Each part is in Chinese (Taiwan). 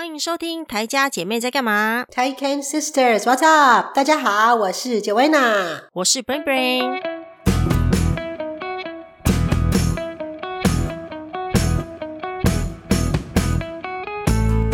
歡迎收聽台家姐妹在幹嘛 Taiwan Sisters What's Up？大家好，我是 Joanna，我是 b r i n b r i n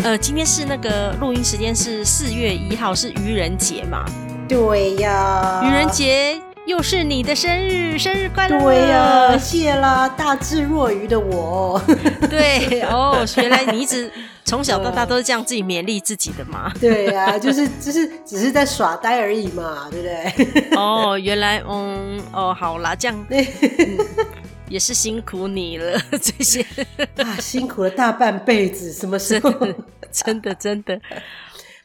呃，今天是那個錄音時間是四月一號，是愚人節嘛？對呀，愚人節又是你的生日，生日快樂！對呀，謝啦，大智若愚的我。 對哦，原來你一直。 從小到大都是這樣自己勉勵自己的嘛、呃？對呀、啊，就是就是只是在耍呆而已嘛，對不對？哦，原來，嗯，哦，好啦，這樣、嗯、也是辛苦你了，這些啊，辛苦了大半輩子，什麼時候？真的真的,真的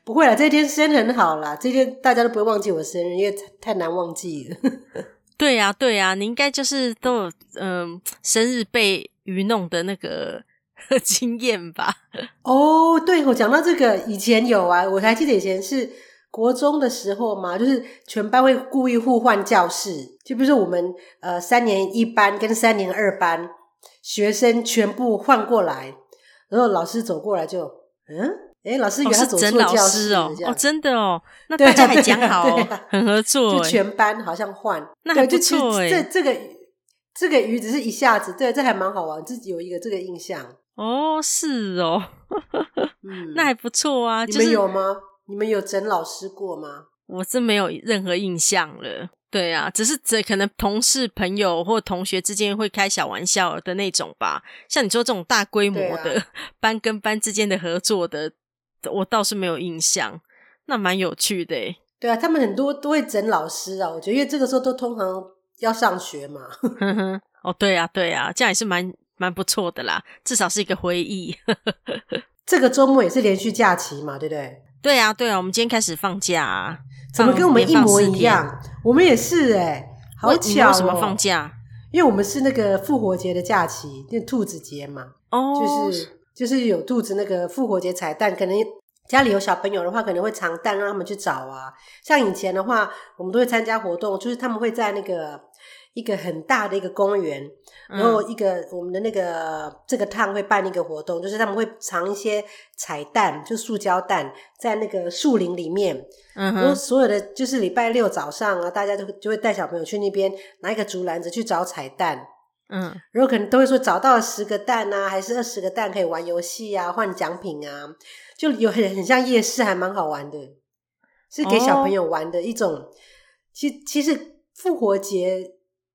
不會了，這一天生很好啦，這一天大家都不會忘記我的生日，因為太難忘記了。對呀、啊、對呀、啊，你應該就是都有嗯、呃，生日被愚弄的那個。經驗吧。哦，oh,，對我講到這個，以前有啊，我還記得以前是國中的時候嘛，就是全班會故意互換教室，就比如說我們呃三年一班跟三年二班學生全部換過來，然後老師走過來就嗯，哎，啊，老師原來是整老師哦，哦，樣哦真的哦，那大家還講好，很合作，欸，就全班好像換，那還不錯哎，欸，這這個這個魚只是一下子，對，這還蠻好玩，自己有一個這個印象。哦，是哦，呵呵，那還不錯啊。嗯就是、你們有嗎？你們有整老師過嗎？我是沒有任何印象了。對啊，只是這可能同事、朋友或同學之間會開小玩笑的那種吧。像你說這種大規模的、啊、班跟班之間的合作的，我倒是沒有印象。那蠻有趣的、欸，哎。對啊，他們很多都會整老師啊。我覺得因為這個時候都通常要上學嘛。呵呵哦，對啊，對啊，這樣也是蠻。蠻不錯的啦，至少是一個回憶。 這個周末也是連續假期嘛，對不對？對啊，對啊，我們今天開始放假，啊，怎麼跟我們我們一模一樣，我們也是哎，欸，好巧，喔。為什麼放假？因為我們是那個復活節的假期，那個兔子節嘛，哦，oh. 就是就是有兔子那個復活節彩蛋，可能家裡有小朋友的話，可能會藏蛋讓他們去找啊。像以前的話，我們都會參加活動，就是他們會在那個。一個很大的一個公園，然後一個、嗯、我們的那個這個 town 會辦一個活動，就是他們會藏一些彩蛋，就塑膠蛋在那個樹林裡面。嗯哼，然後所有的就是禮拜六早上啊，大家都會就會帶小朋友去那邊拿一個竹籃子去找彩蛋。嗯，然後可能都會說找到了十個蛋啊，還是二十個蛋可以玩遊戲啊，換獎品啊，就有很很像夜市，還蠻好玩的，是給小朋友玩的一種。哦、其其實復活節。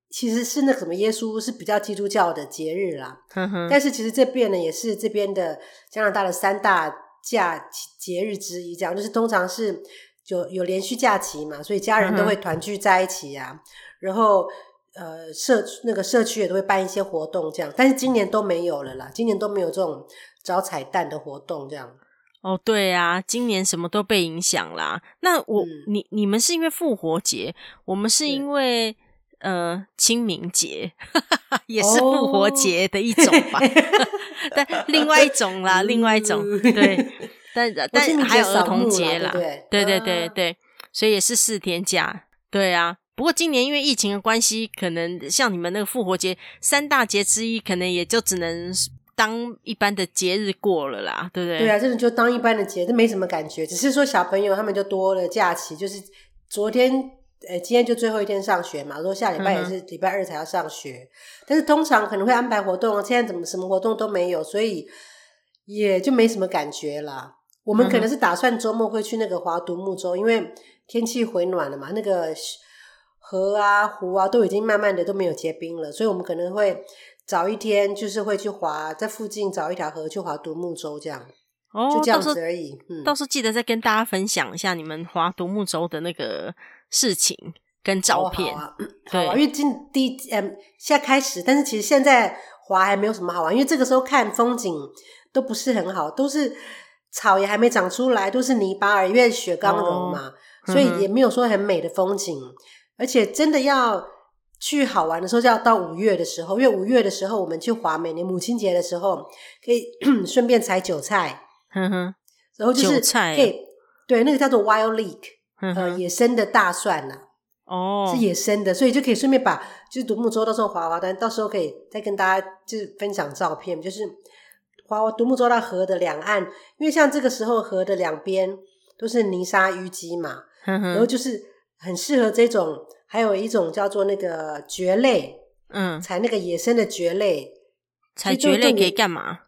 其實是那個什麼，耶穌是比較基督教的節日啦。嗯、哼但是其實這邊呢，也是這邊的加拿大的三大假節日之一。這樣，就是通常是有有連續假期嘛，所以家人都會團聚在一起啊。嗯、哼然後呃，社那個社區也都會辦一些活動這樣。但是今年都沒有了啦，今年都沒有這種找彩蛋的活動這樣。哦，對啊，今年什麼都被影響啦。那我、嗯、你你們是因為復活節，我們是因為。呃，清明節呵呵也是復活節的一種吧，oh. 但另外一種啦， 另外一種對， 但但還有兒童節啦，啦對，對，對，對對對對，啊、所以也是四天假，對啊。不過今年因為疫情的關係，可能像你們那個復活節三大節之一，可能也就只能當一般的節日過了啦，對不對？對啊，這種就當一般的節日，沒什麼感覺，只是說小朋友他們就多了假期，就是昨天。呃，今天就最後一天上學嘛，說下禮拜也是禮拜二才要上學，嗯、哼但是通常可能會安排活動啊。現在怎麼什麼活動都沒有，所以也就沒什麼感覺了。我們可能是打算週末會去那個劃獨木舟，嗯、哼因為天氣回暖了嘛，那個河啊湖啊都已經慢慢的都沒有結冰了，所以我們可能會早一天就是會去劃，在附近找一條河去劃獨木舟這樣。哦，就這樣子而已。是嗯，到時候記得再跟大家分享一下你們劃獨木舟的那個。事情跟照片。哦啊啊、嗯、啊，因為今第一嗯，現在開始，但是其實現在滑，還沒有什麼好玩，因為這個時候看風景都不是很好，都是草也還沒長出來，都是泥巴而已，因為雪剛融嘛，哦嗯、所以也沒有說很美的風景。而且真的要去好玩的時候，就要到五月的時候，因為五月的時候我們去滑，每年母親節的時候可以順 便採韭菜，哼、嗯、哼，然後就是可以、啊、對那個叫做 wild leek。嗯、呃，野生的大蒜吶、啊，哦，oh. 是野生的，所以就可以順便把就是獨木舟划划，到時候划划單，到時候可以再跟大家就是分享照片，就是划獨木舟到河的兩岸，因為像這個時候河的兩邊都是泥沙淤積嘛，嗯、哼然後就是很適合這種，還有一種叫做那個蕨類，嗯，採那個野生的蕨類，採蕨類可以幹嘛？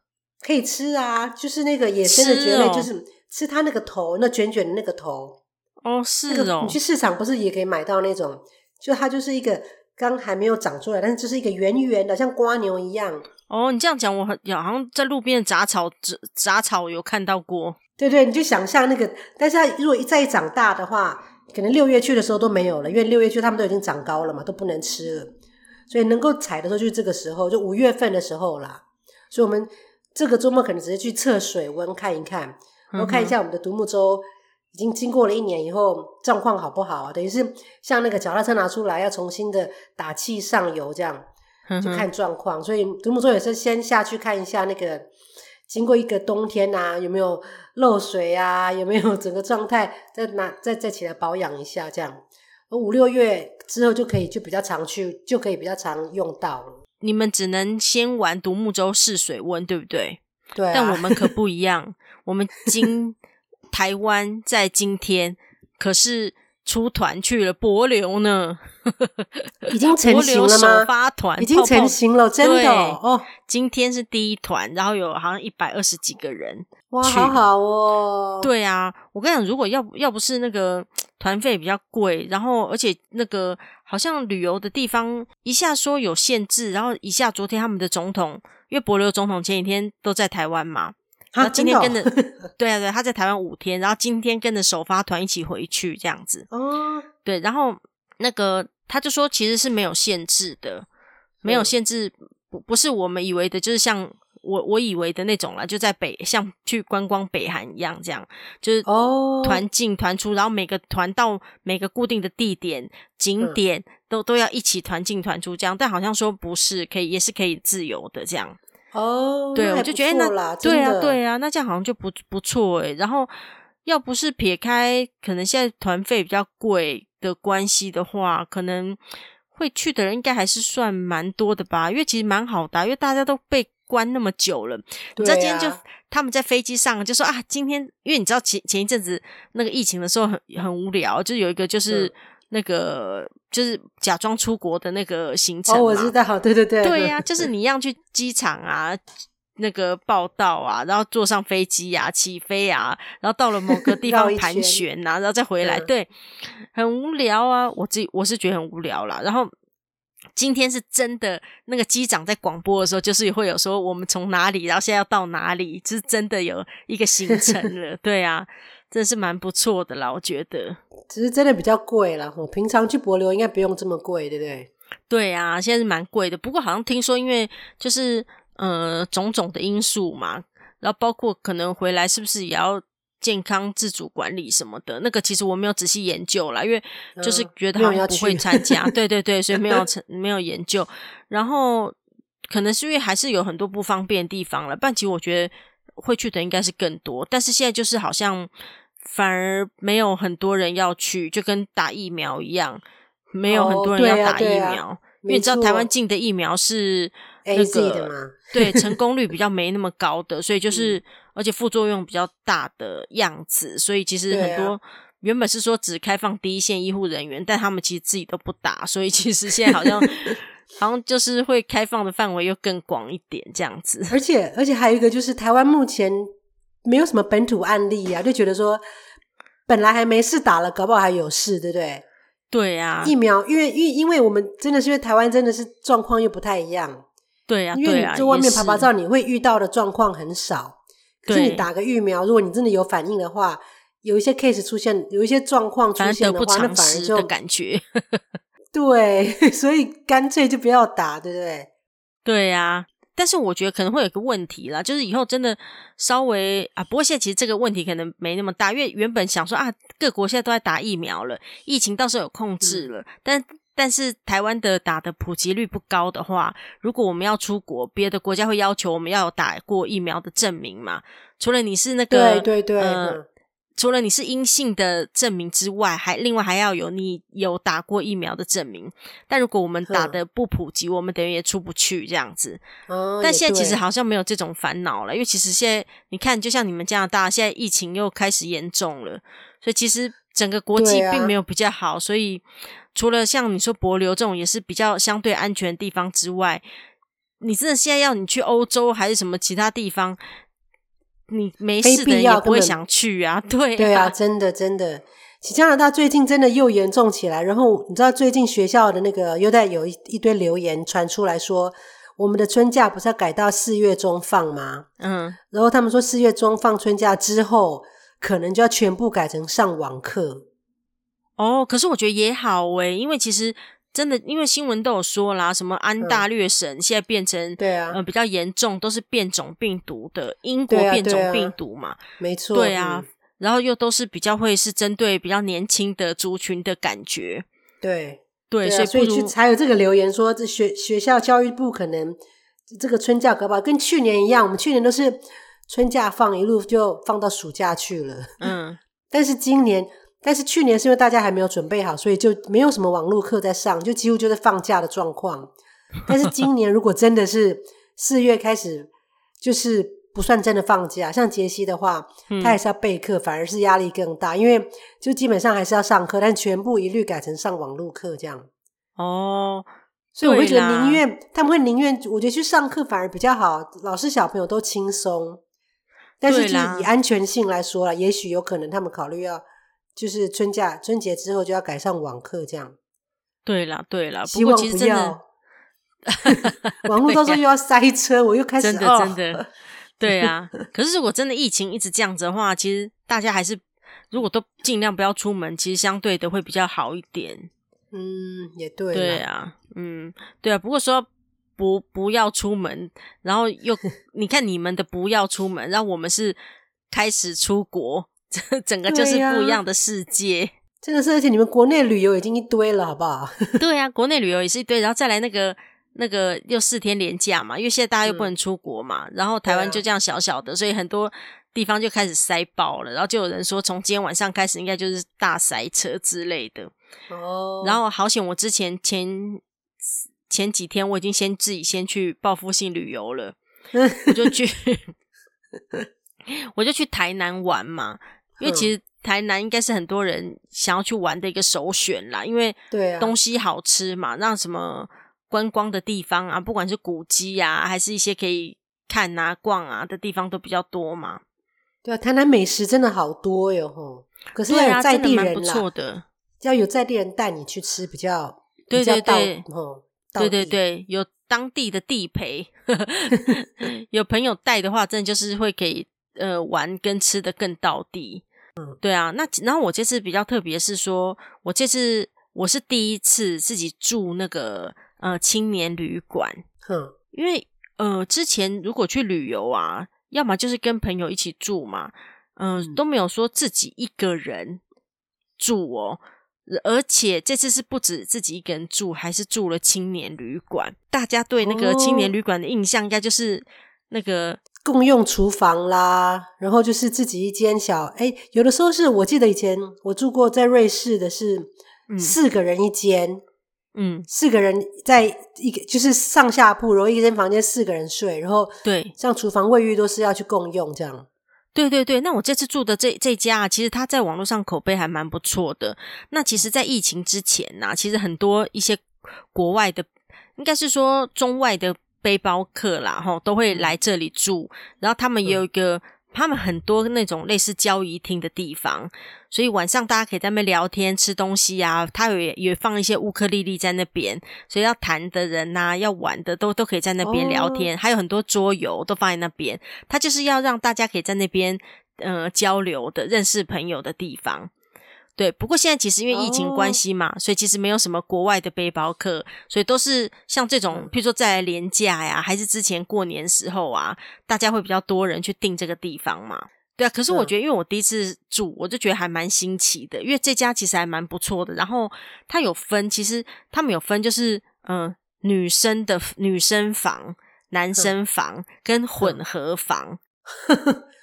可以吃啊，就是那個野生的蕨類，哦、就是吃它那個頭，那捲捲的那個頭。哦，是的哦，你去市場不是也可以買到那種，就它就是一個剛還沒有長出來，但是就是一個圓圓的，像蝸牛一樣。哦，你這樣講我很，好像在路邊的雜草，雜草有看到過。對對，你就想象那個，但是它如果一再長大的話，可能六月去的時候都沒有了，因為六月去他們都已經長高了嘛，都不能吃了。所以能夠採的時候就是這個時候，就五月份的時候啦。所以我們這個周末可能直接去測水溫看一看，然後看一下我們的獨木舟。嗯已經經過了一年以後，狀況好不好啊？等於是像那個腳踏車拿出來要重新的打氣上油這樣，就看狀況。嗯、哼所以獨木舟也是先下去看一下那個經過一個冬天吶、啊，有沒有漏水啊？有沒有整個狀態？再拿再再起來保養一下這樣。五六月之後就可以就比較常去，就可以比較常用到了。你們只能先玩獨木舟試水溫，對不對？對、啊。但我們可不一樣， 我們今。 台灣在今天可是出團去了帛琉呢， 已經成型了嗎？首發團已經成型了，真的哦。對哦，今天是第一團，然後有好像一百二十幾個人，哇，好，好哦。對啊，我跟你講，如果要要不是那個團費比較貴，然後而且那個好像旅遊的地方一下說有限制，然後一下昨天他們的總統，因為帛琉總統前幾天都在台灣嘛。他今天跟着，啊哦、 對啊，對啊，他在台灣五天，然後今天跟着首發團一起回去，這樣子。哦。對，然後那個他就說，其實是沒有限制的，嗯、沒有限制，不不是我們以為的，就是像我我以為的那種啦，就在北，像去觀光北韓一樣，這樣就是團進團出，哦、然後每個團到每個固定的地點景點、嗯、都都要一起團進團出，這樣，但好像說不是，可以也是可以自由的這樣。哦，對，我就覺得、哎、那對啊，的對啊，那這樣好像就不不錯誒，然後，要不是撇開可能現在團費比較貴的關係的話，可能會去的人應該還是算蠻多的吧？因為其實蠻好的、啊，因為大家都被關那麼久了。你知、啊、今天就他們在飛機上就說啊，今天因為你知道前前一陣子那個疫情的時候很很無聊，就有一個就是。嗯那個就是假裝出國的那個行程哦，我知道，好對對對，對呀、啊，就是你要去機場啊， 那個報到啊，然後坐上飛機呀、啊，起飛啊，然後到了某個地方盤旋啊，然後再回來，對，很無聊啊，我自我是覺得很無聊了。然後今天是真的，那個機長在廣播的時候，就是會有說我們從哪裡，然後現在要到哪裡，就是真的有一個行程了， 對啊。真的是蠻不錯的啦，我覺得。其實真的比較貴啦。我平常去帛琉應該不用這麼貴，對不對？對啊，現在是蠻貴的。不過好像聽說，因為就是呃種種的因素嘛，然後包括可能回來是不是也要健康自主管理什麼的？那個其實我沒有仔細研究啦，因為就是覺得他們不會參加，呃、對對對，所以沒有 沒有研究。然後可能是因為還是有很多不方便的地方啦。但其實我覺得。會去的應該是更多，但是現在就是好像反而沒有很多人要去，就跟打疫苗一樣，沒有很多人要打疫苗，哦啊啊、因為你知道台灣進的疫苗是 A G 的嘛，錯對，成功率比較沒那麼高的， 所以就是、嗯、而且副作用比較大的樣子，所以其實很多、啊、原本是說，只開放第一線醫護人員，但他們其實自己都不打，所以其實現在好像。 好像就是會開放的範圍又更廣一點這樣子，而且而且還有一個就是台灣目前沒有什麼本土案例啊，就覺得說本來還沒事打了，搞不好還有事，對不對？對呀、啊，疫苗因為因因為我們真的是因為台灣真的是狀況又不太一樣，對呀、啊，對啊、因為你在外面拍拍照，你會遇到的狀況很少，是可是你打個疫苗，如果你真的有反應的話，有一些 case 出現，有一些狀況出現的話，那反而就感覺。 對，所以乾脆就不要打，對不對？對呀、啊，但是我覺得可能會有一個問題啦，就是以後真的稍微啊,不過現在其實這個問題可能沒那麼大，因為原本想說啊，各國現在都在打疫苗了，疫情倒是有控制了，嗯、但但是台灣的打的普及率不高的話，如果我們要出國，別的國家會要求我們要有打過疫苗的證明嘛？除了你是那個，對對對。對對呃嗯除了你是陰性的證明之外，還另外還要有你有打過疫苗的證明。但如果我們打得不普及，呵我們等於也出不去這樣子。哦、但現在其實好像沒有這種煩惱了，對因為其實現在你看，就像你們加拿大現在疫情又開始嚴重了，所以其實整個國際並沒有比較好。啊、所以除了像你說帛琉這種也是比較相對安全的地方之外，你真的現在要你去歐洲還是什麼其他地方？你沒事要也不會想去啊！對對啊，啊、真的真的，加拿大最近真的又嚴重起來。然後你知道最近學校的那個又在有一堆留言傳出來說，我們的春假不是要改到四月中放嗎？嗯，然後他們說四月中放春假之後，可能就要全部改成上網課。哦，可是我覺得也好哎、欸，因為其實。真的，因為新聞都有說啦，什麼安大略省現在變成、嗯對啊、呃比較嚴重，都是變種病毒的英國變種病毒嘛，沒錯、啊，對啊，對啊嗯、然後又都是比較會是針對比較年輕的族群的感覺，對對，對對所以不所以才有這個留言說，這學學校教育部可能這個春假搞不好跟去年一樣，我們去年都是春假放一路就放到暑假去了，嗯， 但是今年。但是去年是因為大家還沒有準備好，所以就沒有什麼網絡課在上，就幾乎就是放假的狀況。但是今年如果真的是四月開始，就是不算真的放假， 像杰西的話，他還是要備課，反而是壓力更大，嗯、因為就基本上還是要上課，但全部一律改成上網絡課這樣。哦，所以我會覺得寧願他們會寧願，我覺得去上課反而比較好，老師小朋友都輕鬆。但是就以安全性來說啦，啦也許有可能他們考慮要。就是春假春節之後就要改上網課，這樣。對啦對啦，希望 不過其實真的，網絡要 到時候又要塞車， 啊、我又開始真、啊、的真的，對啊。可是如果真的疫情一直這樣子的話，其實大家還是如果都盡量不要出門，其實相對的會比較好一點。嗯，也對。對啊，嗯，對啊。不過說不不要出門，然後又 你看你們的不要出門，然後我們是開始出國。 整個就是不一樣的世界，啊、真的是，而且你們國內旅遊已經一堆了，好不好？ 對啊，國內旅遊也是一堆，然後再來那個那個又四天連假嘛，因為現在大家又不能出國嘛，是然後台灣就這樣小小的，啊、所以很多地方就開始塞爆了，然後就有人說從今天晚上開始應該就是大塞車之類的哦。Oh. 然後好險，我之前前前幾天我已經先自己先去報復性旅遊了， 我就去， 我就去台南玩嘛。因為其實台南應該是很多人想要去玩的一個首選啦，因為東西好吃嘛，啊、讓什麼觀光的地方啊，不管是古蹟啊，還是一些可以看啊、逛啊的地方都比較多嘛。對啊，台南美食真的好多喲，吼！可是要有在地人，啊、的，蠻不錯的，要有在地人帶你去吃比較對對對，比較到，嗯、到地，吼，對對對，有當地的地陪，有朋友帶的話，真的就是會可以呃玩跟吃的更到地。對啊，那然後我這次比較特別，是說我這次我是第一次自己住那個呃青年旅館。哼呵，因為呃之前如果去旅遊啊，要麼就是跟朋友一起住嘛，嗯、呃、都沒有說自己一個人住哦、喔。而且這次是不止自己一個人住，還是住了青年旅館。大家對那個青年旅館的印象，應該就是那個。哦共用廚房啦，然後就是自己一間小哎，有的時候是我記得以前我住過在瑞士的是四個人一間，嗯，四個人在一個就是上下鋪，然後一間房間四個人睡，然後對，像廚房、衛浴都是要去共用這樣。對。對對對，那我這次住的這這家啊，其實它在網絡上口碑還蠻不錯的。那其實，在疫情之前啊，其實很多一些國外的，應該是說中外的。背包客啦，吼，都會來這裡住。然後他們有一個，嗯、他們很多那種類似交誼廳的地方，所以晚上大家可以在那邊聊天、吃東西啊。他有也放一些烏克麗麗在那邊，所以要彈的人吶、啊，要玩的都都可以在那邊聊天。哦、還有很多桌遊都放在那邊，他就是要讓大家可以在那邊嗯、呃、交流的、認識朋友的地方。對，不過現在其實因為疫情關係嘛，Oh. 所以其實沒有什麼國外的背包客，所以都是像這種，譬如說在連假呀，還是之前過年時候啊，大家會比較多人去訂這個地方嘛。對啊，可是我覺得，因為我第一次住，我就覺得還蠻新奇的，因為這家其實還蠻不錯的。然後它有分，其實他們有分，就是嗯、呃，女生的女生房、男生房跟混合房。呵呵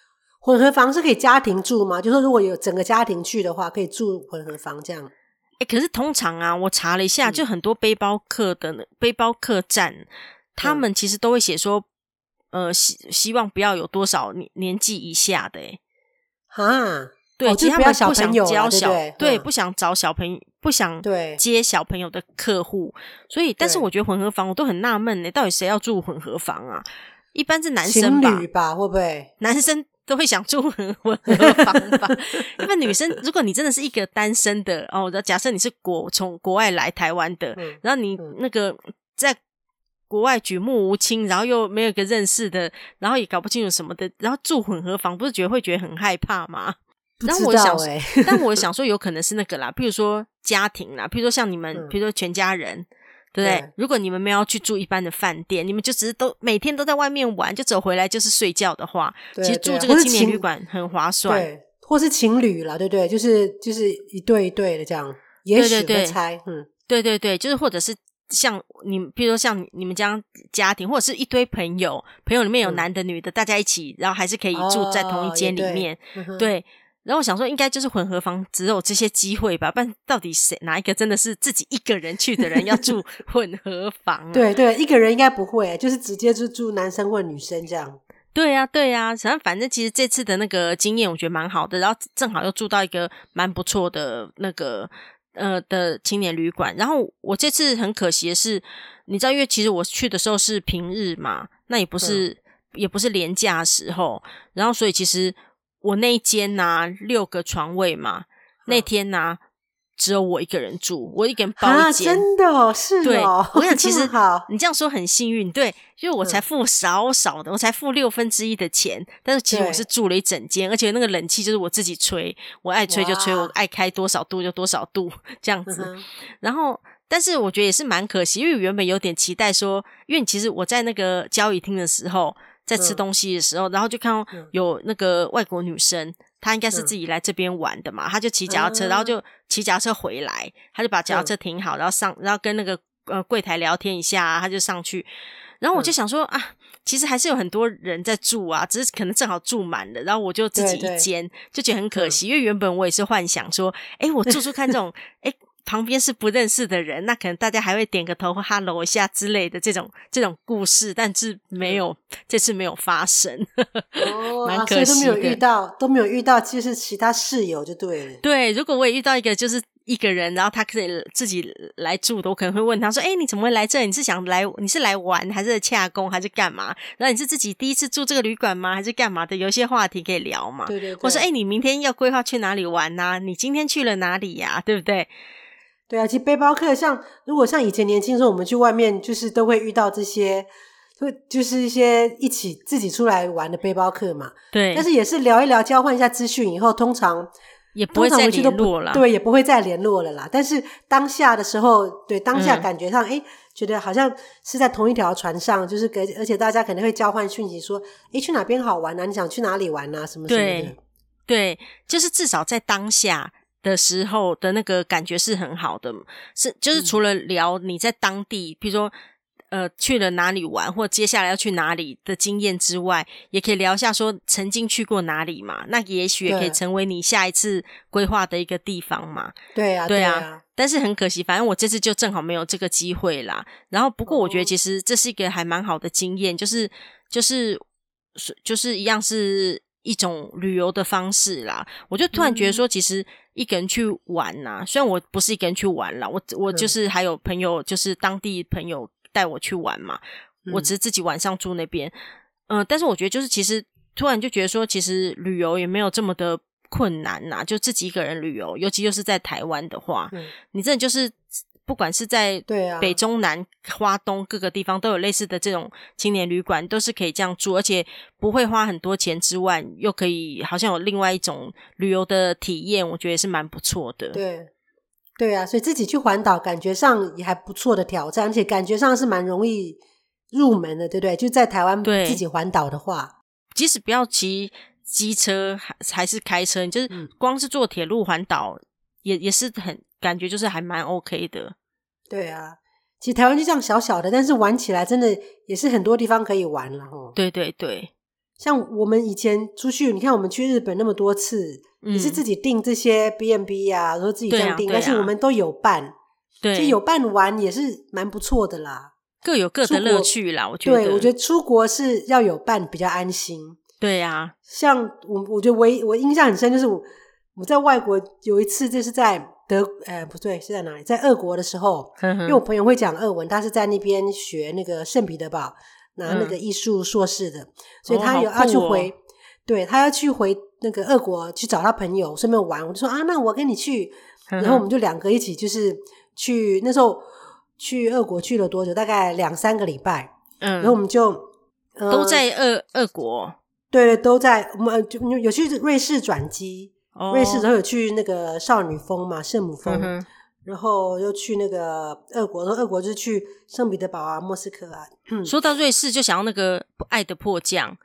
混合房是可以家庭住嗎？就是如果有整個家庭去的話，可以住混合房這樣。誒，可是通常啊，我查了一下，就很多背包客的背包客棧，他們其實都會寫說，呃，希希望不要有多少年年紀以下的，哎，啊，對，就是不想交小朋友，對，不想找小朋友，不想對接小朋友的客戶。所以，但是我覺得混合房，我都很納悶呢，到底誰要住混合房啊？一般是男生吧？情侶吧？會不會男生？都會想住混合房吧， 因為女生，如果你真的是一個單身的哦，假設你是國從國外來台灣的，嗯、然後你、嗯、那個在國外舉目無親，然後又沒有一個認識的，然後也搞不清楚什麼的，然後住混合房不是覺得會覺得很害怕嗎？不知道欸、然後我想， 但我想說，有可能是那個啦，比如說家庭啦，比如說像你們，比、嗯、如說全家人。對，如果你們沒有去住一般的飯店，你們就只是都每天都在外面玩，就走回來就是睡覺的話，對了對了，其實住這個青年旅館很划算。對，或是情侶啦，對不對？就是就是一對一對的這樣，也許會拆。對對對嗯，對對對，就是或者是像你，譬如說像你們家家庭，或者是一堆朋友，朋友裡面有男的女的，嗯、大家一起，然後還是可以住在同一間裡面，哦、對。嗯然後我想說，應該就是混合房只有這些機會吧？不然到底誰哪一個真的是自己一個人去的人要住混合房、啊？ 對對，一個人應該不會，就是直接就住男生或女生這樣。對呀、啊、對呀、啊，然後反正其實這次的那個經驗我覺得蠻好的，然後正好又住到一個蠻不錯的那個呃的青年旅館。然後我這次很可惜的是，你知道，因為其實我去的時候是平日嘛，那也不是對也不是廉價時候，然後所以其實。我那一間吶、啊、六個床位嘛，嗯、那天吶、啊、只有我一個人住，我一個人包一間、啊，真的是、哦、對。我想其實這，你這樣說很幸運，對，因為我才付少少的，嗯、我才付六分之一的錢，但是其實我是住了一整間，對而且那個冷氣就是我自己吹，我愛吹就吹，哇我愛開多少度就多少度這樣子。嗯、然後，但是我覺得也是蠻可惜，因為原本有點期待說，因為其實我在那個交誼廳的時候。在吃東西的時候，嗯、然後就看到有那個外國女生，她、嗯、應該是自己來這邊玩的嘛，她、嗯、就騎腳踏車，嗯、然後就騎腳踏車回來，她就把腳踏車停好，嗯、然後上，然後跟那個呃櫃檯聊天一下、啊，她就上去，然後我就想說、嗯、啊，其實還是有很多人在住啊，只是可能正好住滿了，然後我就自己一間，就覺得很可惜，嗯、因為原本我也是幻想說，哎、欸，我住住看這種，誒 旁邊是不認識的人，那可能大家還會點個頭哈嘍一下之類的這種這種故事，但是沒有、嗯、這次沒有發生，蠻、哦啊、可惜都沒有遇到，都沒有遇到就是其他室友就對了。對，如果我也遇到一個就是一個人，然後他可以自己來住的，我可能會問他說：“哎、欸，你怎麼會來這裡？你是想來？你是來玩還是洽公還是幹嘛？然後你是自己第一次住這個旅館嗎？還是幹嘛的？有些話題可以聊嘛？”對，對對，我說：“哎、欸，你明天要規劃去哪裡玩啊？你今天去了哪裡呀、啊？對不對？”對啊，其實背包客像，如果像以前年輕的時候，我們去外面就是都會遇到這些，會就是一些一起自己出來玩的背包客嘛。對，但是也是聊一聊，交換一下資訊以後，通常，通常不也不會再聯絡了啦。對，也不會再聯絡了啦。但是當下的時候，對，當下感覺上，嗯，誒，覺得好像是在同一條船上，就是給而且大家可能會交換訊息，說，誒，去哪邊好玩啊？你想去哪裡玩啊？什麼什麼的對。對，對，就是至少在當下。的時候的那個感覺是很好的，是就是除了聊你在當地，比、嗯、如說呃去了哪裡玩，或接下來要去哪裡的經驗之外，也可以聊一下說曾經去過哪裡嘛，那也許也可以成為你下一次規劃的一個地方嘛。對，對啊，對啊。但是很可惜，反正我這次就正好沒有這個機會啦。然後不過我覺得其實這是一個還蠻好的經驗，就是就是就是一樣是一種旅遊的方式啦。我就突然覺得說其實。嗯一個人去玩呐、啊，雖然我不是一個人去玩啦，我我就是還有朋友，嗯、就是當地朋友帶我去玩嘛。我只是自己晚上住那邊，嗯、呃，但是我覺得就是其實突然就覺得說，其實旅遊也沒有這麼的困難吶、啊，就自己一個人旅遊，尤其就是在台灣的話，嗯、你真的就是。不管是在北中南，對啊，南花東各個地方，都有類似的這種青年旅館，都是可以這樣住，而且不會花很多錢之外，又可以好像有另外一種旅遊的體驗，我覺得是蠻不錯的。對，對啊，所以自己去環島，感覺上也還不錯的挑戰，而且感覺上是蠻容易入門的，對不對？就在台灣自己環島的話，即使不要騎機車，還是開車，就是光是坐鐵路環島也、嗯、也是很。感覺就是還蠻 OK 的，對啊，其實台灣就這樣小小的，但是玩起來真的也是很多地方可以玩了。對對對，像我們以前出去，你看我們去日本那麼多次，嗯、也是自己訂這些 B&B 啊，然後自己這樣訂，啊啊、但是我們都有伴，就對有伴玩也是蠻不錯的啦。各有各的樂趣啦，國我覺得，我覺得出國是要有伴比較安心。對啊，像我，我覺得唯一我印象很深就是我我在外國有一次就是在。德，呃，不對，是在哪裡？在俄國的時候，嗯、哼因為我朋友會講俄文，他是在那邊學那個聖彼得堡拿那個藝術碩士的，嗯、所以他有要去回，哦哦、對，他要去回那個俄國去找他朋友順便玩。我就說啊，那我跟你去，然後我們就兩個一起，就是去、嗯、哼那時候去俄國去了多久？大概兩三個禮拜，嗯，然後我們就、呃、都在俄、俄國，對，都在，我們有去瑞士轉機。Oh. 瑞士都有去那個少女峰嘛，聖母峰，uh huh. 然後又去那個俄國，然後俄國就是去聖彼得堡啊、莫斯科啊。嗯、說到瑞士，就想要那個愛的迫降，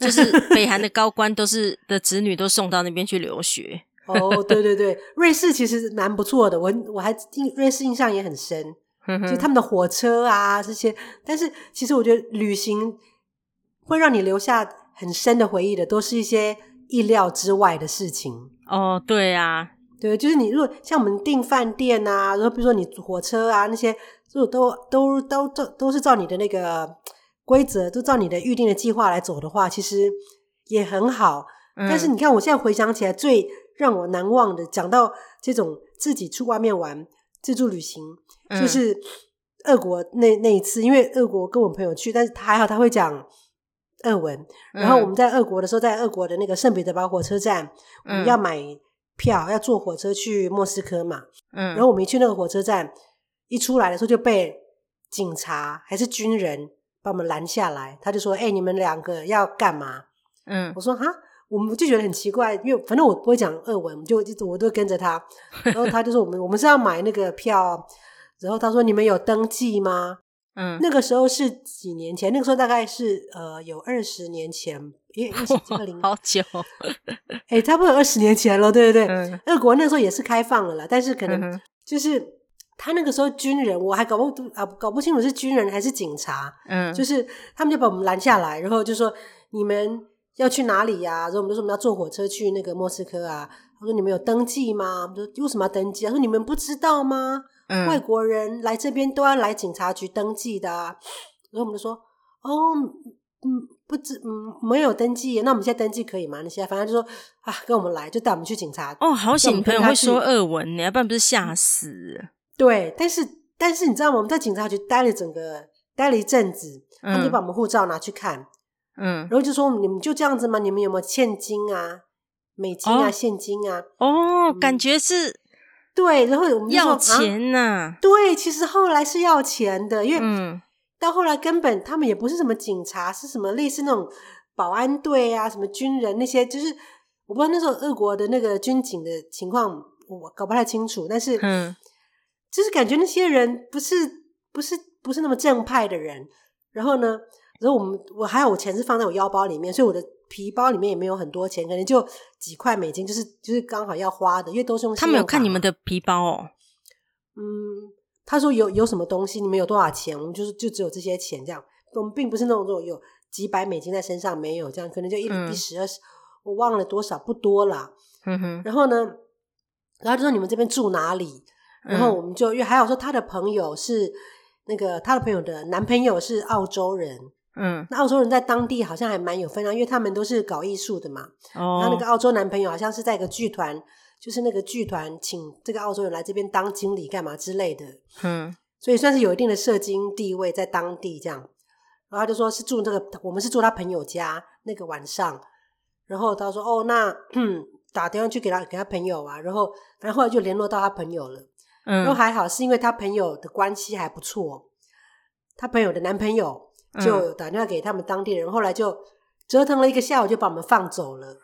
就是北韓的高官都是的子女都送到那邊去留學。哦， oh, 對對對，瑞士其實蠻不錯的，我我還印瑞士印象也很深，uh huh. 就他們的火車啊這些。但是其實我覺得旅行會讓你留下很深的回憶的，都是一些。意料之外的事情哦，Oh, 對啊，對，就是你如果像我們訂飯店啊，然後比如說你坐火車啊那些，如果都都都照都，都是照你的那個規則，都照你的預定的計劃來走的話，其實也很好。嗯、但是你看，我現在回想起來，最讓我難忘的，講到這種自己出外面玩自助旅行，嗯、就是俄國那那一次，因為俄國跟我朋友去，但是他還好他會講。俄文，然後我們在俄國的時候，嗯、在俄國的那個聖彼得堡火車站，我們要買票、嗯、要坐火車去莫斯科嘛。嗯，然後我們一去那個火車站，一出來的時候就被警察還是軍人把我們攔下來，他就說：“哎、欸，你們兩個要幹嘛？”嗯，我說：“哈，我們就覺得很奇怪，因為反正我不會講俄文，我就，就我都跟着他，然後他就說：我們 我們是要買那個票，然後他說：你們有登記嗎？”嗯，那個時候是幾年前，那個時候大概是呃，有二十年前，二十，好久， 誒差不多二十年前了，對對對。俄、嗯、國那個時候也是開放了啦，但是可能就是、嗯、哼他那個時候軍人，我還搞不啊搞不清楚是軍人還是警察，嗯，就是他們就把我們攔下來，然後就說你們要去哪裡呀、啊？然後我們就說我們要坐火車去那個莫斯科啊。他說你們有登記嗎？我說為什麼要登記？他說你們不知道嗎？嗯、外國人來這邊都要來警察局登記的，啊，然後我們就說：“哦，嗯，不知嗯沒有登記，那我們現在登記可以嗎？那現在反正就說啊，跟我們來，就帶我們去警察。”哦，好險！朋友會說俄文，你要不然不是嚇死，嗯。對，但是但是你知道嗎？我們在警察局待了整個待了一陣子，他就把我們護照拿去看，嗯，然後就說：“你們就這樣子嗎？你們有沒有現金啊？美金啊？哦，現金啊？”哦，嗯、感覺是。對，然後我們要錢吶、啊啊。對，其實後來是要錢的，因為、嗯、到後來根本他們也不是什麼警察，是什麼類似那種保安隊啊，什麼軍人那些，就是我不知道那時候俄國的那個軍警的情況，我搞不太清楚，但是，嗯、就是感覺那些人不是不是不是那麼正派的人。然後呢，然後我們我還有我錢是放在我腰包裡面，所以我的。皮包裡面也沒有很多錢，可能就幾塊美金，就是就是剛好要花的，因為都是用、用信用卡。他沒有看你們的皮包哦。嗯，他說有有什麼東西，你們有多少錢？我們就是就只有這些錢，這樣，我們並不是那種有幾百美金在身上沒有，這樣可能就一、嗯、一十二十，我忘了多少，不多了。嗯哼。然後呢，然後就說你們這邊住哪裡？然後我們就，嗯、因為還有說他的朋友是那個他的朋友的男朋友是澳洲人。嗯，那澳洲人在當地好像還蠻有分量，啊，因為他們都是搞藝術的嘛。哦，然後那個澳洲男朋友好像是在一個劇團，就是那個劇團請這個澳洲人來這邊當經理、幹嘛之類的。嗯，所以算是有一定的社經地位在當地這樣。然後他就說是住那個，我們是住他朋友家那個晚上。然後他說哦，那打電話去給他，給他朋友啊。然後，然後後來就聯絡到他朋友了。嗯，然後還好，是因為他朋友的關係還不錯，他朋友的男朋友。就打電話給他們當地人，嗯、後來就折騰了一個下午，就把我們放走了。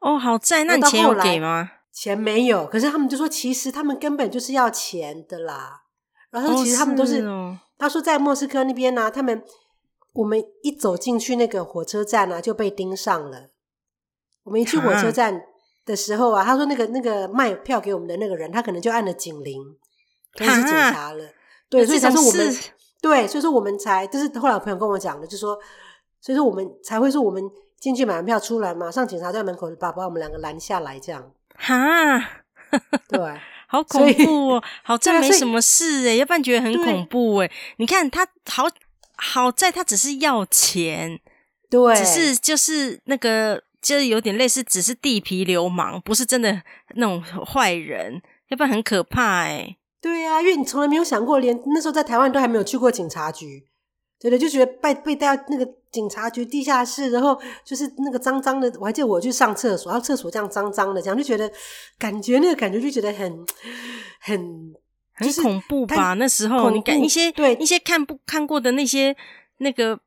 哦，好在那你錢有給嗎？錢沒有，嗯、可是他們就說，其實他們根本就是要錢的啦。然後、哦、其實他們都是，是哦、他說在莫斯科那邊呢、啊，他們我們一走進去那個火車站呢、啊、就被盯上了。我們一去火車站的時候啊，啊他說那個那個賣票給我們的那個人，他可能就按了警鈴，開始檢查了。啊啊對，所以他說我們。對，所以說我們才就是後來我朋友跟我講的，就是說，所以說我們才會說，我們進去買完票出來嘛，馬上警察在門口把把我們兩個攔下來，這樣哈，對，好恐怖哦，好在沒什麼事誒，要不然覺得很恐怖誒。對，你看他好，好在他只是要錢，對，只是就是那個，就是有點類似，只是地痞流氓，不是真的那種壞人，要不然很可怕誒對呀、啊，因為你從來沒有想過連，連那時候在台灣都還沒有去過警察局，對對，就覺得被被帶到那個警察局地下室，然後就是那個髒髒的，我還記得我去上廁所，然後廁所這樣髒髒的，這樣就覺得感覺那個感覺就覺得很很很恐怖吧？那時候恐怖，你感一些對一些看不看過的那些那個。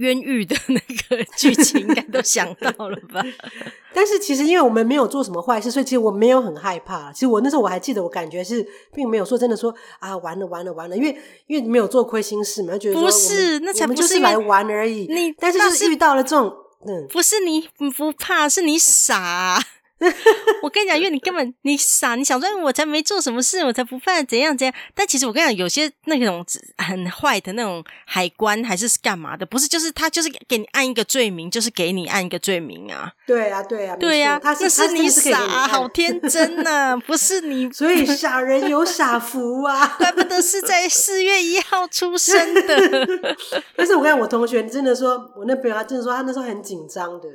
冤獄的那個劇情，應該都想到了吧？ 但是其實，因為我們沒有做什麼壞事，所以其實我沒有很害怕。其實我那時候我還記得，我感覺是並沒有說真的說啊，完了完了完了，因為因為沒有做虧心事嘛，覺得說，不是，那才不是，我們就是來玩而已。你，那是，但是就是遇到了這種，嗯，不是你不怕，是你傻。 我跟你講，因為你根本你傻，你想說我才沒做什麼事，我才不犯怎樣怎樣。但其實我跟你講，有些那種很壞的那種海關還是幹嘛的，不是就是他就是給你按一個罪名，就是給你按一個罪名啊。對啊對啊對啊，對啊對啊他是，是你傻，是是好天真呢、啊， 不是你。 所以傻人有傻福啊，怪不得是在四月一號出生的。 但是我看我同學真的說，我那邊他、啊、真的說，他那時候很緊張的。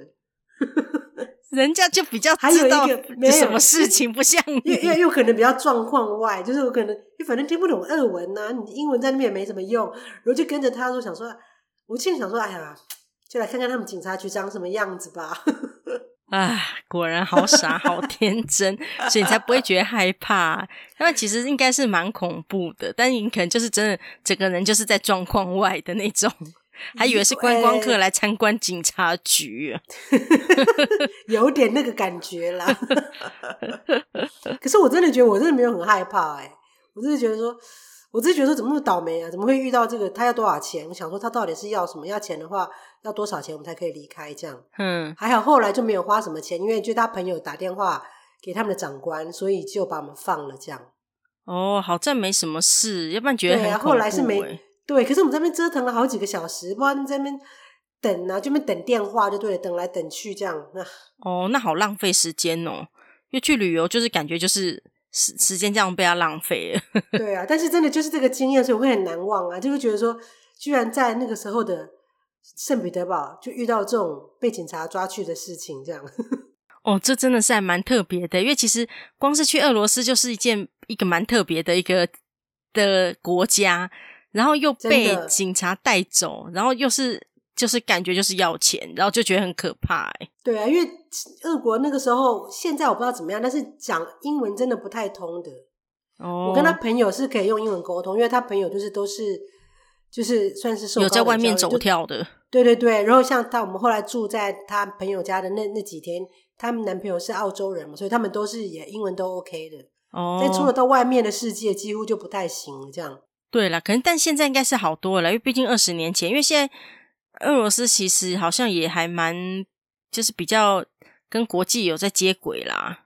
人家就比較知道有沒有什麼事情，不像 因為，又又又可能比較狀況外，就是我可能，反正聽不懂俄文呢、啊，你的英文在那邊也沒什麼用，然後就跟着他說想說，吳慶想說，哎呀，就來看看他們警察局長什麼樣子吧。哎， 果然好傻，好天真， 所以你才不會覺得害怕、啊，他們其實應該是蠻恐怖的，但你可能就是真的整個人就是在狀況外的那種。還以為是觀光客來參觀警察局、啊， 有點那個感覺啦。 可是我真的覺得我真的沒有很害怕哎、欸，我真的覺得說，我真的覺得說怎麼那麼倒霉啊？怎麼會遇到這個？他要多少錢？我想說他到底是要什麼？要錢的話要多少錢？我們才可以離開？這樣嗯，還好後來就沒有花什麼錢，因為就他朋友打電話給他們的長官，所以就把我們放了。這樣哦，好在沒什麼事，要不然覺得後來是沒。對，可是我們這邊折騰了好幾個小時，不然在那邊等、啊、就那邊等電話就對了，等來等去這樣那哦，那好浪費時間哦。因為去旅遊就是感覺就是時時間這樣被他浪費了。對啊，但是真的就是這個經驗，所以我會很難忘啊。就會覺得說，居然在那個時候的聖彼得堡就遇到這種被警察抓去的事情，這樣。哦，這真的是還蠻特別的，因為其實光是去俄羅斯就是一件一個蠻特別的一個的國家。然後又被警察帶走，真的。然後又是就是感覺就是要錢，然後就覺得很可怕哎、欸。對啊，因為俄國那個時候，現在我不知道怎麼樣，但是講英文真的不太通的。哦，oh. 我跟他朋友是可以用英文溝通，因為他朋友就是都是就是算是有在外面走跳的。對對對，然後像他，我們後來住在他朋友家的那那幾天，他們男朋友是澳洲人嘛，所以他們都是也英文都 OK 的。哦，oh. 但出了到外面的世界，幾乎就不太行這樣。對啦，可能但現在應該是好多了，因為畢竟二十年前，因為現在俄羅斯其實好像也還蠻就是比較跟國際有在接軌啦。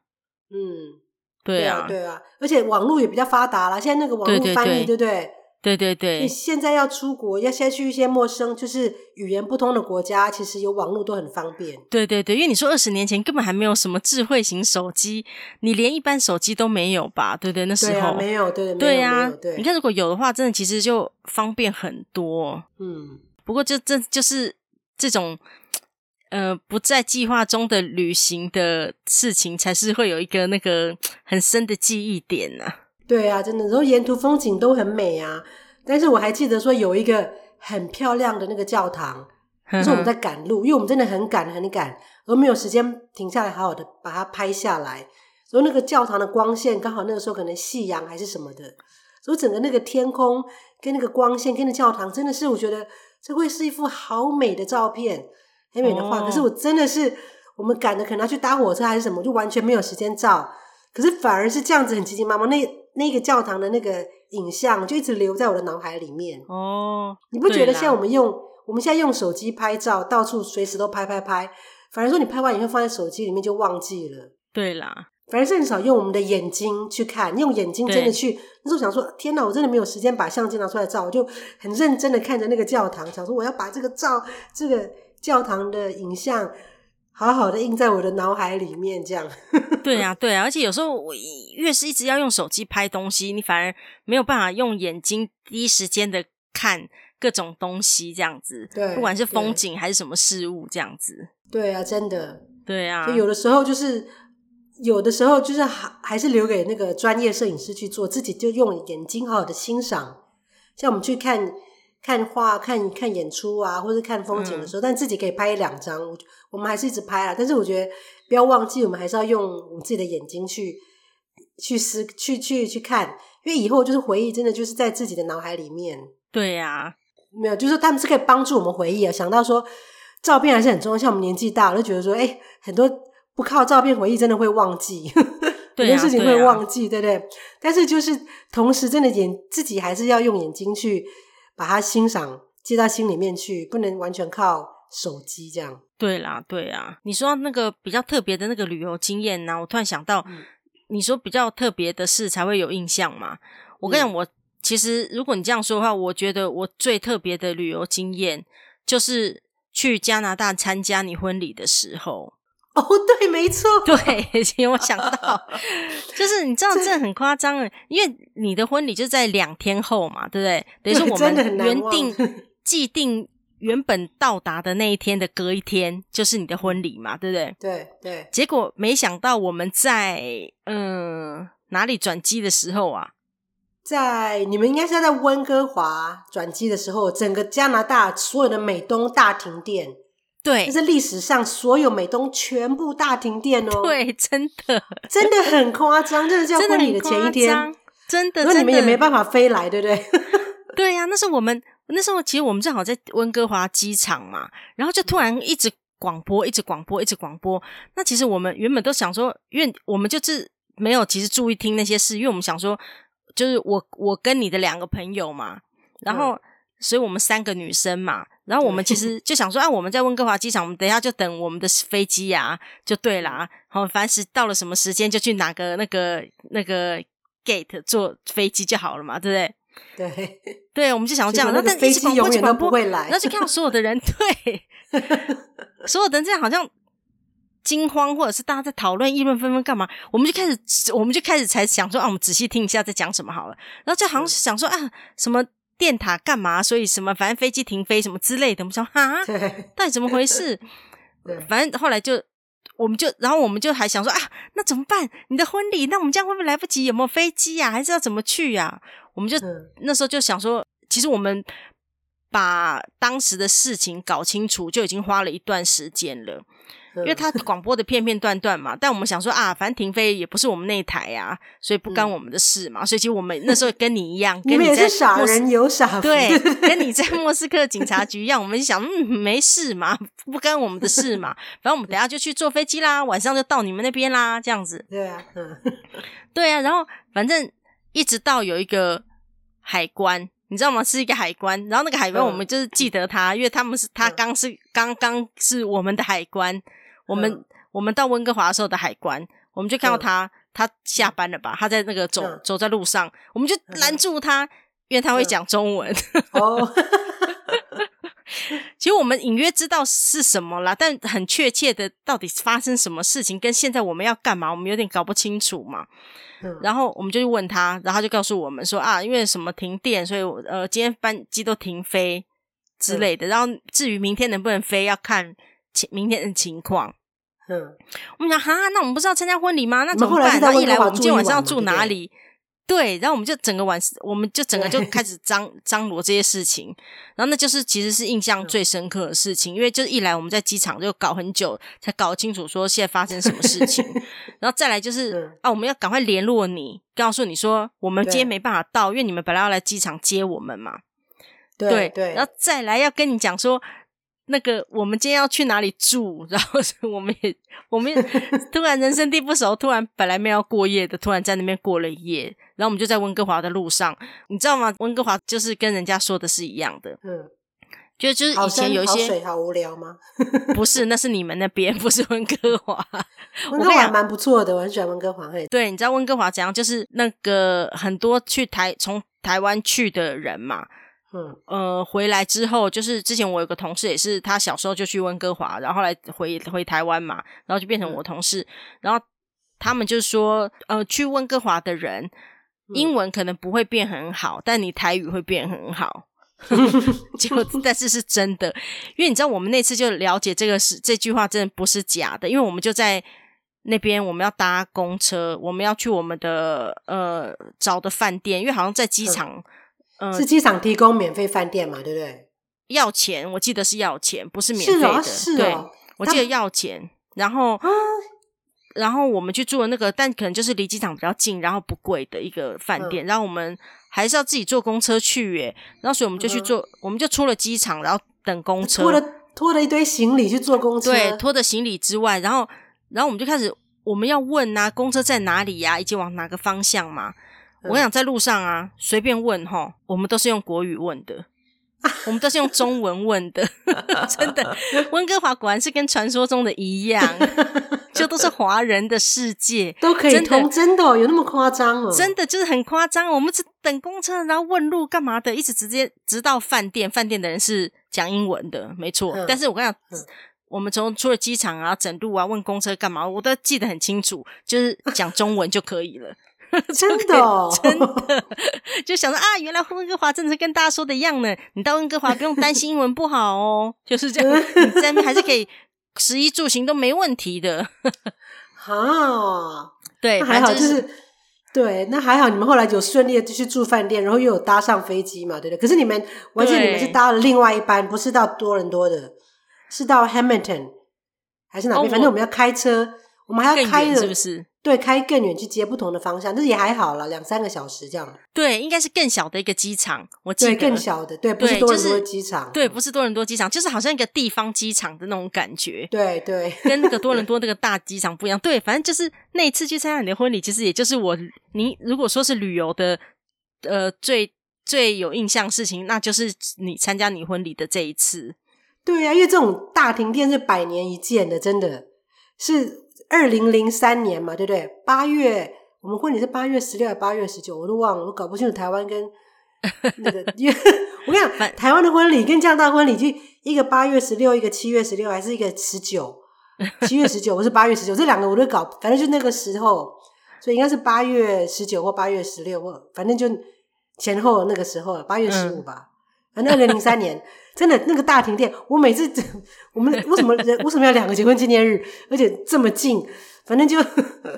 嗯，對啊，對啊，對啊，而且網絡也比較發達啦，現在那個網絡翻譯，對對對，對不對？對對對，你現在要出國，要先去一些陌生，就是語言不通的國家，其實有網絡都很方便。對對對，因為你說二十年前根本還沒有什麼智慧型手機，你連一般手機都沒有吧？對對，那時候對、啊、沒有，對對啊，沒有，你看，如果有的話，真的其實就方便很多。嗯，不過就這就是這種呃不在計劃中的旅行的事情，才是會有一個那個很深的記憶點呢、啊。對啊，真的，然後沿途風景都很美啊。但是我還記得說，有一個很漂亮的那個教堂，可是呵我們在趕路，因為我們真的很趕很趕，都沒有時間停下來好好的把它拍下來。所以那個教堂的光線剛好那個時候可能夕陽還是什麼的，所以整個那個天空跟那個光線跟那個教堂真的是我覺得這會是一幅好美的照片，很美的畫。哦，可是我真的是我們趕著可能要去搭火車還是什麼，就完全沒有時間照。可是反而是這樣子很急急忙忙那，那個教堂的那個影像就一直留在我的腦海裡面。哦，oh, 你不覺得？現在我們用啦我們現在用手機拍照，到處隨時都拍拍拍。反而說你拍完以後放在手機裡面就忘記了。對啦，反正是很少用我們的眼睛去看，用眼睛真的去。對那時候想說，天哪，我真的沒有時間把相機拿出來照，我就很認真的看着那個教堂，想說我要把這個照這個教堂的影像。好好的印在我的腦海裡面，這樣，對啊。對呀，對呀，而且有時候我越是一直要用手機拍東西，你反而沒有辦法用眼睛第一時間的看各種東西，這樣子。對，不管是風景還是什麼事物，這樣子。對，對啊，真的。對啊，有的時候就是，有的時候就是還還是留給那個專業攝影師去做，自己就用眼睛好好的欣賞。像我們去看看畫、看看，看演出啊，或者看風景的時候，嗯、但自己可以拍兩張。我們還是一直拍啦，但是我覺得不要忘記，我們還是要用我們自己的眼睛去去思去去去看，因為以後就是回憶，真的就是在自己的腦海裡面。對呀、啊，沒有，就是他們是可以幫助我們回憶啊，想到說照片還是很重要。像我們年紀大了，就覺得說，哎，很多不靠照片回憶，真的會忘記很多，啊啊、事情會忘記，對不對？但是就是同時，真的眼自己還是要用眼睛去把它欣賞，記到心裡面去，不能完全靠手機這樣。對啦，對啊，你說那個比較特別的那個旅遊經驗呢、啊？我突然想到，你說比較特別的事才會有印象嘛。我跟你講，我其實，如果你這樣說的話，我覺得我最特別的旅遊經驗就是去加拿大參加你婚禮的時候。哦，對，沒錯，對，我想到， 就是你知道這很誇張啊、欸，因為你的婚禮就在兩天後嘛，對不對？等於對說我們原定真的很難既定。原本到達的那一天的隔一天就是你的婚禮嘛，對不對？對對。對，結果沒想到我們在嗯、呃、哪裡轉機的時候啊，在你們應該是在溫哥華、啊、轉機的時候，整個加拿大所有的美東大停電，對，這是歷史上所有美東全部大停電哦。對，真的，真的很誇張，就是叫婚禮的前一天，真的，那你們也沒辦法飛來，對不對？對呀、啊，那是我們。那時候其實我們正好在溫哥華機場嘛，然後就突然一直廣播、嗯、播，一直廣播，一直廣播。那其實我們原本都想說，因為我們就是沒有其實注意聽那些事，因為我們想說，就是我我跟你的兩個朋友嘛，然後、嗯、所以我們三個女生嘛，然後我們其實就想說，對啊我們在溫哥華機場，我們等一下就等我們的飛機呀、啊，就對啦。然、嗯、後凡是到了什麼時間，就去哪個那個那個 gate 坐飛機就好了嘛，對不對？對對，我們就想到這樣。那但飛機但是永遠都不會來，那就看到所有的人，對， 所有的人這樣好像驚慌，或者是大家在討論議論紛紛，幹嘛？我們就開始，我們就開始才想說啊，我們仔細聽一下在講什麼好了。然後就好像是想說對啊，什麼電塔幹嘛？所以什麼反正飛機停飛什麼之類的。我們就說，哈，到底怎麼回事？對，對反正後來就我們就，然後我們就還想說啊，那怎麼辦？你的婚禮，那我們這樣會不會來不及？有沒有飛機呀、啊？還是要怎麼去呀、啊？我們就、嗯、那時候就想說，其實我們把當時的事情搞清楚，就已經花了一段時間了，嗯、因為他廣播的片片段段嘛。但我們想說啊，反正停飛也不是我們那一台呀、啊，所以不干我們的事嘛。嗯、所以其實我們那時候跟你一樣，我、嗯、們也是傻人有傻福，對，跟你在莫斯科警察局一樣。 我們想，嗯，沒事嘛，不干我們的事嘛。 反正我們等下就去坐飛機啦，晚上就到你們那邊啦，這樣子。對啊，嗯、對啊。然後反正一直到有一個。海關，你知道嗎？是一個海關。然後那個海關，我們就是記得他，嗯、因為他們是他剛是剛剛、嗯、是我們的海關。嗯、我們、嗯、我們到溫哥華的時候的海關，我們就看到他，嗯、他下班了吧？他在那個走、嗯、走在路上，我們就攔住他，嗯、因為他會講中文。嗯、 哦。 其實我們隱約知道是什麼啦，但很確切的到底發生什麼事情，跟現在我們要幹嘛，我們有點搞不清楚嘛。嗯、然後我們就去問他，然後就告訴我們說啊，因為什麼停電，所以呃今天班機都停飛之類的。嗯、然後至於明天能不能飛，要看明天的情況。嗯，我們想哈，那我們不是要參加婚禮嗎？那怎麼辦？他一來，我們今天晚上要住哪裡？嗯對，然後我們就整個玩，我們就整個就開始張對張羅這些事情，然後那就是其實是印象最深刻的事情，嗯、因為就是一來我們在機場就搞很久，才搞清楚說現在發生什麼事情， 然後再來就是對啊，我們要趕快聯絡你，告訴你說我們今天沒辦法到，對因為你們本來要來機場接我們嘛，對對，對對然後再來要跟你講說。那個，我們今天要去哪裡住？然後我們也我們也突然人生地不熟， 突然本來沒有要過夜的，突然在那邊過了一夜。然後我們就在溫哥華的路上，你知道嗎？溫哥華就是跟人家說的是一樣的，嗯，就就是以前有一些好山，好水，好無聊嗎？ 不是，那是你們那邊，不是溫哥華。溫 哥華還蠻不錯的，我很喜歡溫哥華欸。嘿， 對，你知道溫哥華怎樣？就是那個很多去台從台灣去的人嘛。嗯，呃，回來之後就是之前我有個同事，也是他小時候就去溫哥華，然後後來回，回台灣嘛，然後就變成我同事。嗯、然後他們就說，呃，去溫哥華的人，嗯、英文可能不會變很好，但你台語會變很好。結 果，但是是真的，因為你知道我們那次就了解這個是這句話真的不是假的，因為我們就在那邊，我們要搭公車，我們要去我們的呃找的飯店，因為好像在機場。嗯嗯，是機場提供免費飯店嘛？對不對？要錢，我記得是要錢，不是免費的。是哦？啊，是哦？對，我記得要錢。但……然後，啊？然後我們去住的那個，但可能就是離機場比較近，然後不貴的一個飯店。嗯。然後我們還是要自己坐公車去耶，然後所以我們就去坐，嗯。我們就出了機場，然後等公車，拖了拖了一堆行李去坐公車，對，拖着行李之外，然後然後我們就開始我們要問啊，公車在哪裡呀？啊？以及往哪個方向嘛？我想在路上啊，隨便問吼，我們都是用國語問的，我們都是用中文問的， 真的，溫哥華果然是跟傳說中的一樣，就都是華人的世界， 真的都可以通，真的。哦，有那麼誇張哦？真的就是很誇張，我們是等公車，然後問路幹嘛的，一直直接直到飯店，飯店的人是講英文的，沒錯。嗯、但是我跟你講，我們從出了機場啊，整路啊，問公車幹嘛，我都記得很清楚，就是講中文就可以了。 真的，哦，真的，就想說啊，原來溫哥華真的是跟大家說的一樣呢。你到溫哥華不用擔心英文不好哦，就是這樣，真的還是可以，食衣住行都沒問題的。好對，還好就是對，那還好你們後來就順利的去住飯店，然後又有搭上飛機嘛，對不對？可是你們，我記得你們是搭了另外一班，不是到多倫多的，是到 Hamilton 還是哪邊？反正我們要開車，我們還要開是不是？對，開更遠去接不同的方向，那也還好了，兩三個小時這樣。對，應該是更小的一個機場，我記得，對，更小的，對，不是多倫多機場，對、嗯，不是多倫多機場，就是好像一個地方機場的那種感覺。對對，對跟那個多倫多那個大機場不一樣。 對，反正就是那次去參加你的婚禮，其實、就是、也就是我你如果說是旅遊的，呃，最最有印象的事情，那就是你參加你婚禮的這一次。對呀、啊，因為這種大停電是百年一見的，真的是。二零零三年嘛，對不對？八月我們婚禮是八月十六還是八月十九？我都忘了，我搞不清楚台灣跟那個，因為 我跟你講 台灣的婚禮跟加拿大婚禮就一個八月十六，一個七月十六，還是一個十九？七月十九，我是八月十九，這兩個我都搞，反正就那個時候，所以應該是八月十九或八月十六，反正就前後那個時候，八月十五吧。嗯，反正二零零三年。真的，那個大停電，我每次我們為什麼人為 什麼要兩個結婚紀念日，而且這麼近？反正就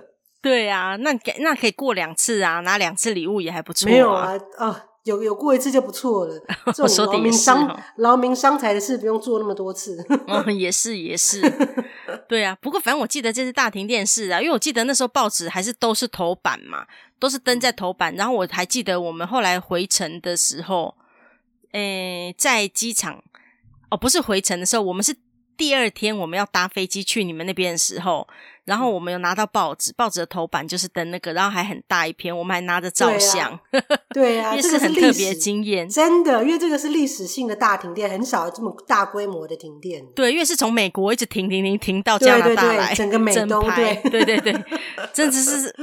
對呀、啊，那給那可以過兩次啊，拿兩次禮物也還不錯、啊。沒有啊，啊，有有過一次就不錯了。 我說的勞民傷勞、哦、民傷財的事，不用做那麼多次、 啊。也是也是，對啊。不過反正我記得這次大停電是啊，因為我記得那時候報紙還是都是頭版嘛，都是登在頭版。然後我還記得我們後來回程的時候。誒，在機場哦，不是回程的時候，我們是第二天我們要搭飛機去你們那邊的時候，然後我們有拿到報紙，報紙的頭版就是登那個，然後還很大一篇，我們還拿着照相，對啊，對啊呵呵，這個是是很特別的經驗。真的，因為這個是歷史性的大停電，很少這麼大規模的停電，對，因為是從美國一直停停停停，停到加拿大來，對對對，整個美東對。對， 對對對，真的是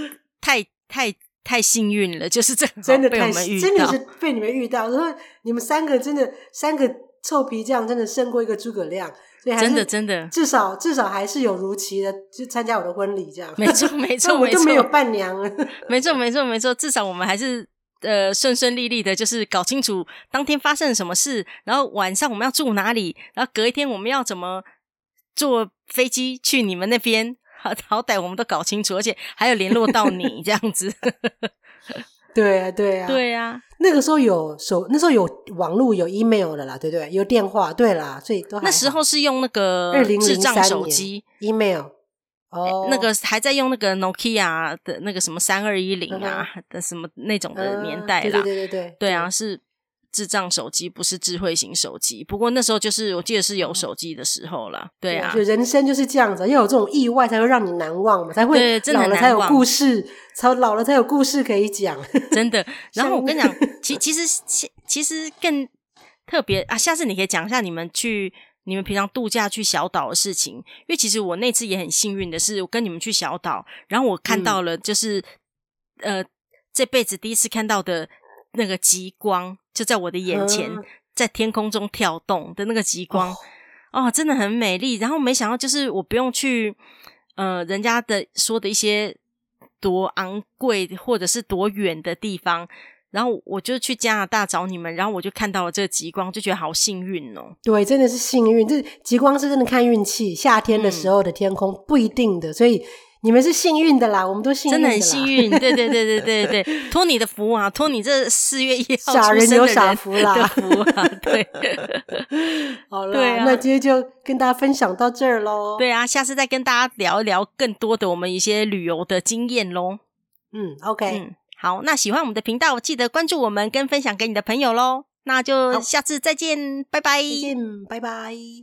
太太。太太幸運了，就是這真的太真的是被你們遇到，然後你們三個真的三個臭皮匠，真的勝過一個諸葛亮。所以真的真的，真的至少至少還是有如期的去參加我的婚禮，這樣。沒錯沒錯沒錯， 我就沒有伴娘了沒，沒錯沒錯沒錯，至少我們還是呃順順利利的，就是搞清楚當天發生了什麼事，然後晚上我們要住哪裡，然後隔一天我們要怎麼坐飛機去你們那邊。好，好歹我們都搞清楚，而且還有聯絡到你這樣子。 對啊，對啊，對啊。那個時候有手，那時候有網絡，有 email 的啦，對不對？有電話，對啦，所以那時候是用那個智障手機二零零三年，email 哦，那個還在用那個 Nokia、ok、的那個什麼三二一零啊 Okay. 的什麼那種的年代啦，嗯、對，對，對對對，對啊對是。智障手機不是智慧型手機，不過那時候就是我記得是有手機的時候了。嗯、對啊，人生就是這樣子，要有這種意外才會讓你難忘嘛，才會，對，真的難忘，老了才有故事，才老了才有故事可以講， 真的。然後我跟你講，其其實其其實更特別啊！下次你可以講一下你們去、你們平常度假去小島的事情，因為其實我那次也很幸運的是，我跟你們去小島，然後我看到了，就是、嗯、呃這輩子第一次看到的。那個極光就在我的眼前，呃、在天空中跳動的那個極光，哦，哦，真的很美麗。然後沒想到，就是我不用去，呃，人家的說的一些多昂貴或者是多遠的地方，然後我就去加拿大找你們，然後我就看到了這個極光，就覺得好幸運哦。對，真的是幸運。這極光是真的看運氣，夏天的時候的天空、嗯、不一定的。的所以。你們是幸運的啦，我們都幸運，真的很幸運。對 對對對對對，托你的福啊，托你這四月一號出生的人的、啊、傻人有傻福啦。 啦對、啊，好了，那今天就跟大家分享到這兒嘍。對啊，下次再跟大家聊一聊更多的我們一些旅遊的經驗嘍。嗯，OK，嗯好，那喜歡我們的頻道，記得關注我們，跟分享給你的朋友嘍。那就下次再見，好拜拜，再見，拜拜。